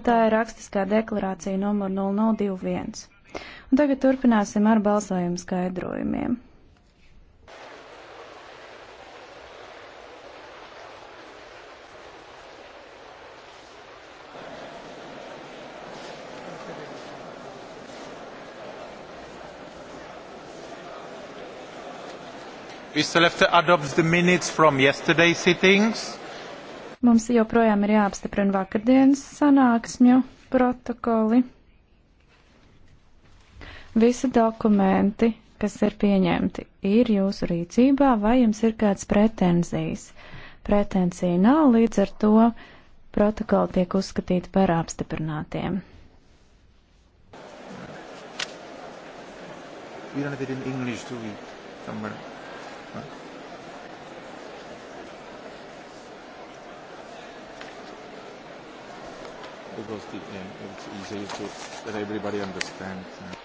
Tā ir rakstiskā deklarācija numur 0021. Un tagad turpināsim ar balsojumu skaidrojumiem. We still have to adopt the minutes from yesterday's sittings. Mums joprojām ir jāapstiprina vakardienas sanāksmju protokoli. Visi dokumenti, kas ir pieņemti, ir jūsu rīcībā, vai jums ir kāds pretenzijas? Pretenzija nav, līdz ar to protokoli tiek uzskatīti par apstiprinātiem. We don't have it in English, do we? Somewhere. because it, it's easy to, that everybody understands. Uh.